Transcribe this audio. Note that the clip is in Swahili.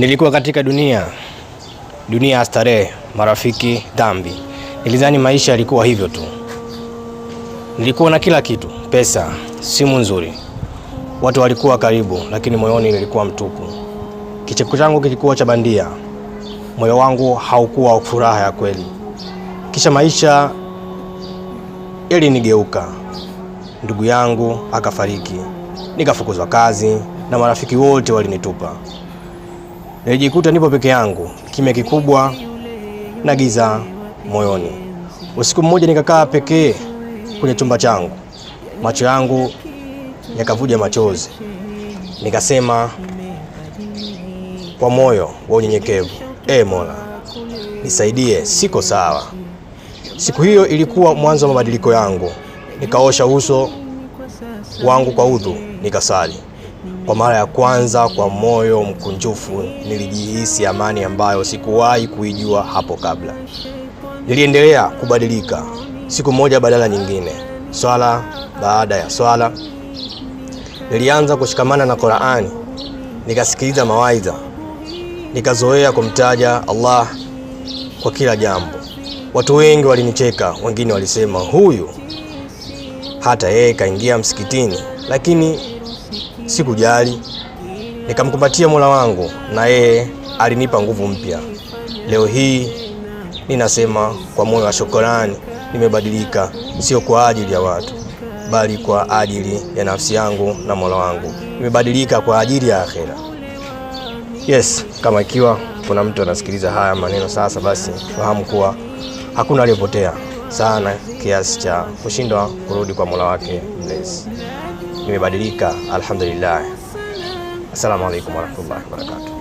Nilikuwa katika dunia dunia ya starehe, marafiki, dhambi. Nilidhani maisha yalikuwa hivyo tu. Nilikuwa na kila kitu, pesa, simu nzuri, watu walikuwa karibu, lakini moyoni nilikuwa mtupu. Kicheko changu kilikuwa cha bandia, moyo wangu haukuwa furaha ya kweli. Kisha maisha yalinigeuka, ndugu yangu akafariki, nikafukuzwa kazi na marafiki wote walinitupa nilijikuta nipo peke yangu, kimya kikubwa na giza moyoni. Usiku mmoja nikakaa pekee kwenye chumba changu, macho yangu yakavuja machozi, nikasema kwa moyo wa unyenyekevu, E Mola, nisaidie, siko sawa. Siku hiyo ilikuwa mwanzo wa mabadiliko yangu. Nikaosha uso wangu kwa udhu, nikasali. Kwa mara ya kwanza kwa moyo mkunjufu, nilijihisi amani ambayo sikuwahi kuijua hapo kabla. Niliendelea kubadilika siku moja badala nyingine, swala baada ya swala. Nilianza kushikamana na Qur'ani, nikasikiliza mawaidha, nikazoea kumtaja Allah kwa kila jambo. Watu wengi walinicheka, wengine walisema huyu hata yeye kaingia msikitini, lakini Sikujali, nikamkumbatia Mola wangu na yeye alinipa nguvu mpya. Leo hii ninasema kwa moyo wa shukrani, nimebadilika, sio kwa ajili ya watu, bali kwa ajili ya nafsi yangu na Mola wangu. Nimebadilika kwa ajili ya akhera. Yes, kama ikiwa kuna mtu anasikiliza haya maneno sasa, basi fahamu kuwa hakuna aliyepotea sana kiasi cha kushindwa kurudi kwa Mola wake mlezi kimebadilika, alhamdulillah. Assalamu alaikum warahmatullahi wabarakatuh.